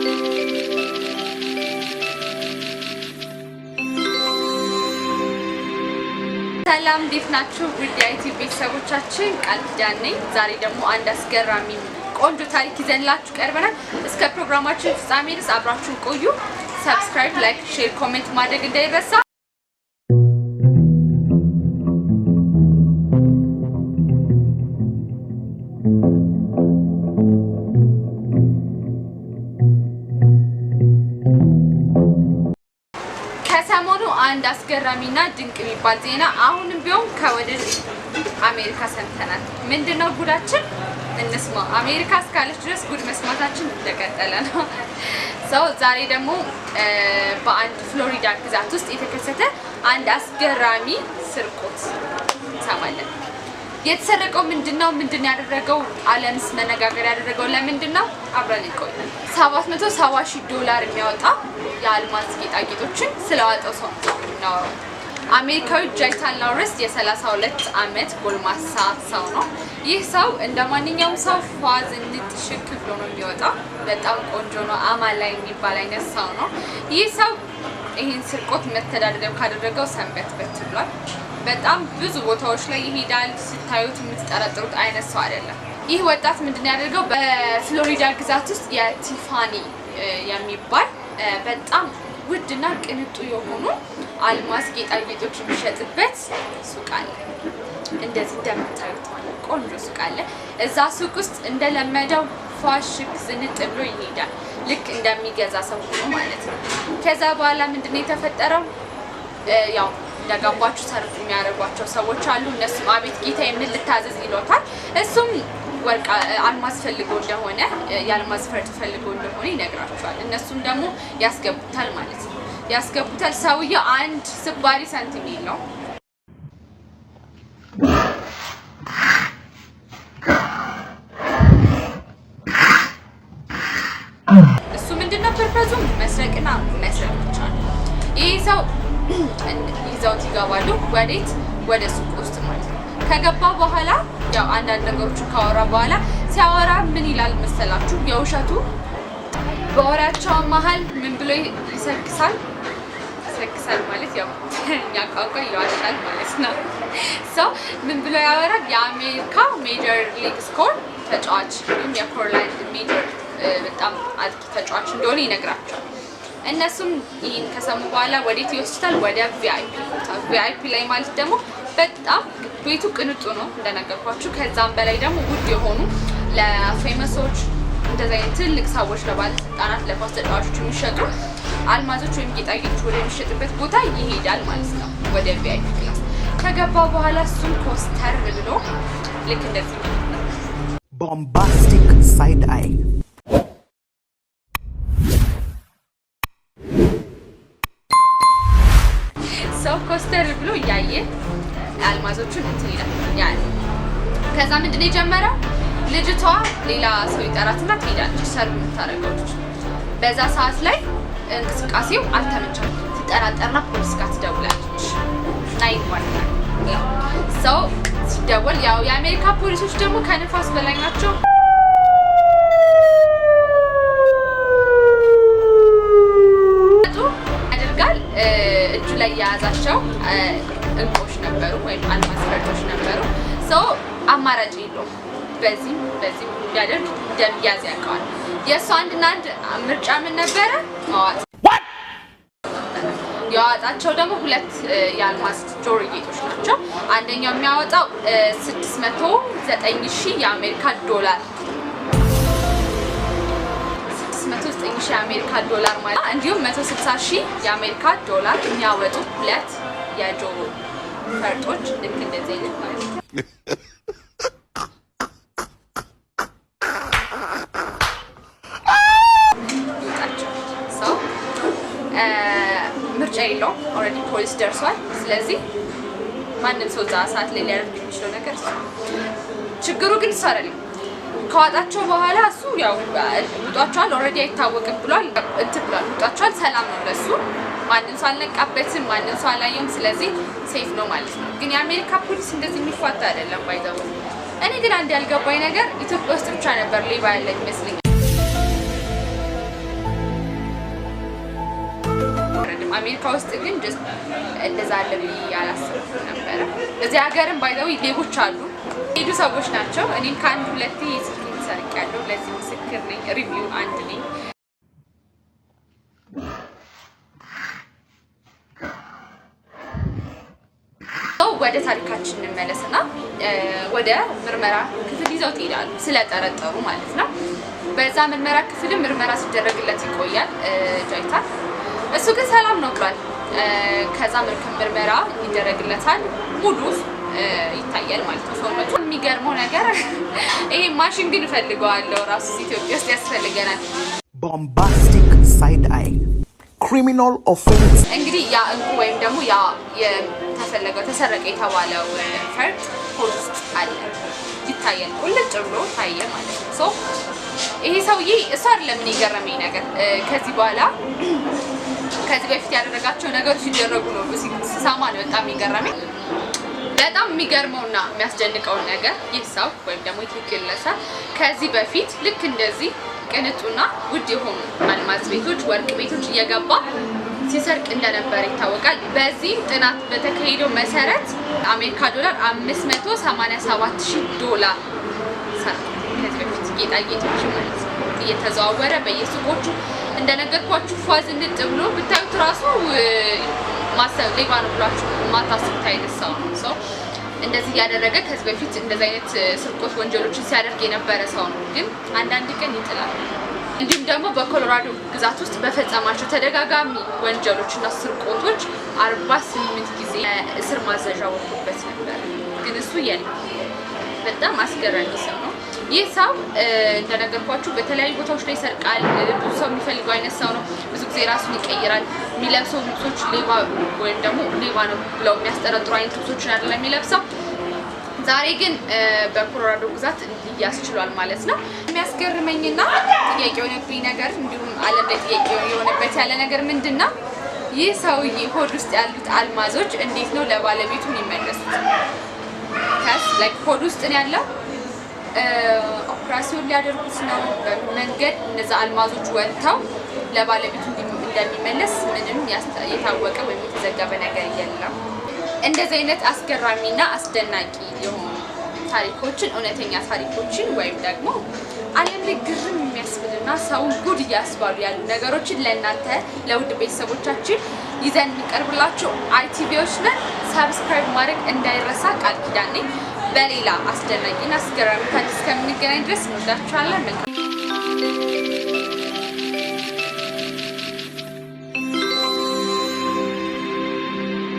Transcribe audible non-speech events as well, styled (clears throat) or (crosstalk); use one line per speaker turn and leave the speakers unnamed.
ሰላም እንዴት ናችሁ? ውድ የዩቲዩብ ቤተሰቦቻችን ቃል ኪዳን ነኝ። ዛሬ ደግሞ አንድ አስገራሚ ቆንጆ ታሪክ ይዘንላችሁ ቀርበናል። እስከ ፕሮግራማችን ፍጻሜ ድረስ አብራችሁን ቆዩ። ሰብስክራይብ፣ ላይክ፣ ሼር፣ ኮሜንት ማድረግ እንዳይረሳ። አንድ አስገራሚና ድንቅ የሚባል ዜና አሁንም ቢሆን ከወደ አሜሪካ ሰምተናል። ምንድነው ጉዳችን? እንስማ። አሜሪካ እስካለች ድረስ ጉድ መስማታችን እንደቀጠለ ነው። (laughs) ሰው ዛሬ ደግሞ በአንድ ፍሎሪዳ ግዛት ውስጥ የተከሰተ አንድ አስገራሚ ስርቆት እንሰማለን። የተሰረቀው ምንድነው? ምንድን ያደረገው አለምስ መነጋገር ያደረገው ለምንድነው? አብረን ይቆይ። 770 ሺህ ዶላር የሚያወጣ የአልማዝ ጌጣጌጦችን ስለዋጠው ሰው ነው። አሜሪካዊ ጃይታን ላውረስ የ32 ዓመት ጎልማሳ ሰው ነው። ይህ ሰው እንደ ማንኛውም ሰው ፏዝ ሽክ ብሎ ነው የሚወጣው። በጣም ቆንጆ ነው። አማላይ የሚባል አይነት ሰው ነው። ይህ ሰው ይህን ስርቆት መተዳደሪያው ካደረገው ሰንበት በት ብሏል። በጣም ብዙ ቦታዎች ላይ ይሄዳል። ስታዩት የምትጠረጥሩት አይነት ሰው አይደለም። ይህ ወጣት ምንድን ያደርገው በፍሎሪዳ ግዛት ውስጥ የቲፋኒ የሚባል በጣም ውድና ቅንጡ የሆኑ አልማዝ ጌጣጌጦች የሚሸጥበት ሱቅ አለ። እንደዚህ እንደምታዩት ማለት ቆንጆ ሱቅ አለ። እዛ ሱቅ ውስጥ እንደለመደው ፋሽክ ዝንጥ ብሎ ይሄዳል። ልክ እንደሚገዛ ሰው ሆኖ ማለት ነው። ከዛ በኋላ ምንድነው የተፈጠረው? ያው እንደገባችሁ ሰርፍ የሚያደርጓቸው ሰዎች አሉ። እነሱም አቤት ጌታ የምን ልታዘዝ ይሎታል። እሱም ወርቅ አልማዝ ፈልጎ እንደሆነ የአልማዝ ፈርጥ ፈልጎ እንደሆነ ይነግራቸዋል። እነሱም ደግሞ ያስገቡታል ማለት ነው። ያስገቡታል። ሰውየው አንድ ስባሪ ሳንቲም ነው። እሱ ምንድን ነው ፐርፐዙ መስረቅና መስረቅ ብቻ ነው። ይህ ሰው ይዘውት ይገባሉ። ወዴት? ወደ ሱቅ ውስጥ ማለት ነው። ከገባ በኋላ ያው አንዳንድ ነገሮችን ካወራ በኋላ ሲያወራ ምን ይላል መሰላችሁ የውሸቱ በወሬያቸው መሀል ምን ብሎ ይሰግሳል? ያስለቅሳል ማለት ያው እኛ ቋንቋ ይዋሻል ማለት ነው። ሰው ምን ብሎ ያወራል? የአሜሪካ ሜጀር ሊግ ስኮር ተጫዋች ወይም የፖርላንድ ሜጀር በጣም አጥቂ ተጫዋች እንደሆነ ይነግራቸዋል። እነሱም ይህን ከሰሙ በኋላ ወዴት ይወስዳል? ወደ ቪአይፒ ቦታ። ቪአይፒ ላይ ማለት ደግሞ በጣም ቤቱ ቅንጡ ነው እንደነገርኳችሁ። ከዛም በላይ ደግሞ ውድ የሆኑ ለፌመሶች እንደዚህ አይነት ትልቅ ሰዎች፣ ለባለስልጣናት፣ ለኳስ ተጫዋቾች የሚሸጡ አልማዞች ወይም ጌጣጌጦች ወደሚሸጥበት ቦታ ይሄዳል ማለት ነው፣ ወደ ቪአይፒ ክላስ ከገባ በኋላ እሱም ኮስተር ብሎ ልክ እንደዚህ ቦምባስቲክ ሳይድ አይ ሰው ኮስተር ብሎ እያየ አልማዞቹን እንትን ይላል። ያን ከዛ ምንድን ነው የጀመረው? ልጅቷ ሌላ ሰው ይጠራትና ትሄዳለች ሰርግ የምታደርገው በዛ ሰዓት ላይ እንቅስቃሴው አልተመቻት ትጠራጠርና ፖሊስ ጋር ትደውላለች እና ሰው ሲደወል ያው የአሜሪካ ፖሊሶች ደግሞ ከንፋስ በላይ ናቸው። ያደርጋል እጁ ላይ የያዛቸው እንቆች ነበሩ ወይም አልማዝ ፈርጦች ነበሩ። ሰው አማራጭ የለውም። በዚህም በዚህም ያደርግ እንደሚያዝ ያውቀዋል። የእሱ አንድና አንድ ምርጫ ምን ነበረ? የዋጣቸው ደግሞ ሁለት የአልማዝ ጆሮ ጌጦች ናቸው። አንደኛው የሚያወጣው 609 ሺህ የአሜሪካ ዶላር 609 የአሜሪካ ዶላር ማለት እንዲሁም 160 የአሜሪካ ዶላር የሚያወጡ ሁለት የጆሮ ፈርጦች ልክ እንደዚህ አይነት ማለት ነው። (laughs) ምርጫ የለውም። ኦልሬዲ ፖሊስ ደርሷል። ስለዚህ ማንም ሰው እዛ ሰዓት ላይ ሊያደርግ የሚችለው ነገር ችግሩ ግን እሱ አይደለም። ከዋጣቸው በኋላ እሱ ያው ውጧቸዋል፣ ኦልሬዲ አይታወቅም ብሏል፣ እንትን ብሏል፣ ውጧቸዋል። ሰላም ነው ለሱ። ማንም ሰው አልነቃበትም፣ ማንም ሰው አላየም። ስለዚህ ሴፍ ነው ማለት ነው። ግን የአሜሪካ ፖሊስ እንደዚህ የሚፋታ አይደለም። ባይዘው እኔ ግን አንድ ያልገባኝ ነገር ኢትዮጵያ ውስጥ ብቻ ነበር ሌባ ያለ ይመስለኛል። አሜሪካ ውስጥ ግን እንደዛ አለ ብዬ አላስብም ነበረ። እዚህ ሀገርም ባይዘው ሌቦች አሉ፣ ሄዱ ሰዎች ናቸው። እኔም ከአንድ ሁለቴ ስልኬን ሰርቄያለሁ። ለዚህ ምስክር ነኝ። ሪቪው አንድ ነኝ። ወደ ታሪካችን እንመለስና ወደ ምርመራ ክፍል ይዘው ትሄዳሉ፣ ስለጠረጠሩ ማለት ነው። በዛ ምርመራ ክፍልም ምርመራ ሲደረግለት ይቆያል ጃይታ እሱ ግን ሰላም ነው ብሏል። ከዛ መርከብ ምርመራ ይደረግለታል ሙሉ ይታያል ማለት ነው ሰውነቱ። የሚገርመው ነገር (laughs) ይሄ ማሽን ግን እፈልገዋለሁ ራሱ ኢትዮጵያ ውስጥ ያስፈልገናል። ቦምባስቲክ ሳይድ አይ ክሪሚናል ኦፌንስ እንግዲህ ያ እንቁ ወይም ደግሞ ያ የተፈለገው ተሰረቀ የተባለው ፈርድ ሆድ አለ ይታያል። ቁልጭ ብሎ ታየ ማለት ነው። ይሄ ሰውዬ እሱ አይደለም። ምን የገረመኝ ነገር ከዚህ በኋላ (clears throat) ከዚህ በፊት ያደረጋቸው ነገሮች ሲደረጉ ነው ስሰማ ነው በጣም የሚገረመኝ። በጣም የሚገርመውና የሚያስደንቀውን ነገር ይህ ሰው ወይም ደግሞ ግለሰብ ከዚህ በፊት ልክ እንደዚህ ቅንጡና ውድ የሆኑ አልማዝ ቤቶች፣ ወርቅ ቤቶች እየገባ ሲሰርቅ እንደነበር ይታወቃል። በዚህ ጥናት በተካሄደው መሰረት አሜሪካ ዶላር 587 ሺህ ዶላር ሰርቋል። ከዚህ በፊት ጌጣጌጦች ማለት እየተዘዋወረ በየሱቆቹ እንደነገርኳችሁ ፏዝ እንድጥ ብሎ ብታዩት ራሱ ማሰብ ሌባ ነው ብሏችሁ ማታስቡት አይነት ሰው ነው። ሰው እንደዚህ እያደረገ ከዚህ በፊት እንደዚህ አይነት ስርቆት ወንጀሎችን ሲያደርግ የነበረ ሰው ነው። ግን አንዳንድ ቀን ይጥላል። እንዲሁም ደግሞ በኮሎራዶ ግዛት ውስጥ በፈጸማቸው ተደጋጋሚ ወንጀሎች ወንጀሎችና ስርቆቶች አርባ ስምንት ጊዜ እስር ማዘዣ ወጥቶበት ነበር። ግን እሱ የለም። በጣም አስገራሚ ሰው ነው። ይህ ሰው እንደነገርኳችሁ በተለያዩ ቦታዎች ላይ ይሰርቃል። ብዙ ሰው የሚፈልገው አይነት ሰው ነው። ብዙ ጊዜ ራሱን ይቀይራል። የሚለብሰው ልብሶች ሌባ ወይም ደግሞ ሌባ ነው ብለው የሚያስጠረጥሩ አይነት ልብሶችን አይደለም የሚለብሰው። ዛሬ ግን በኮሎራዶ ግዛት እንዲያስችሏል ማለት ነው። የሚያስገርመኝና ጥያቄ የሆነብኝ ነገር እንዲሁም ዓለም ላይ ጥያቄ የሆነበት ያለ ነገር ምንድን ነው? ይህ ሰውዬ ሆድ ውስጥ ያሉት አልማዞች እንዴት ነው ለባለቤቱ የሚመለሱት? ሆድ ውስጥ ነው ያለው ኦፕራሲዮን ሊያደርጉት ነው። መንገድ እነዛ አልማዞች ወጥተው ለባለቤቱ እንደሚመለስ ምንም የታወቀ ወይም የተዘገበ ነገር የለም። እንደዚህ አይነት አስገራሚና አስደናቂ የሆኑ ታሪኮችን እውነተኛ ታሪኮችን ወይም ደግሞ ዓለም ላይ ግርም የሚያስብልና ሰውን ጉድ እያስባሉ ያሉ ነገሮችን ለእናንተ ለውድ ቤተሰቦቻችን ይዘን የሚቀርብላቸው አይቲቪዎች ነን። ሳብስክራይብ ማድረግ እንዳይረሳ ቃል ኪዳን ነኝ። በሌላ አስደናቂና አስገራሚ ታሪክ እስከምንገናኝ ድረስ እንወዳችኋለን። መልካም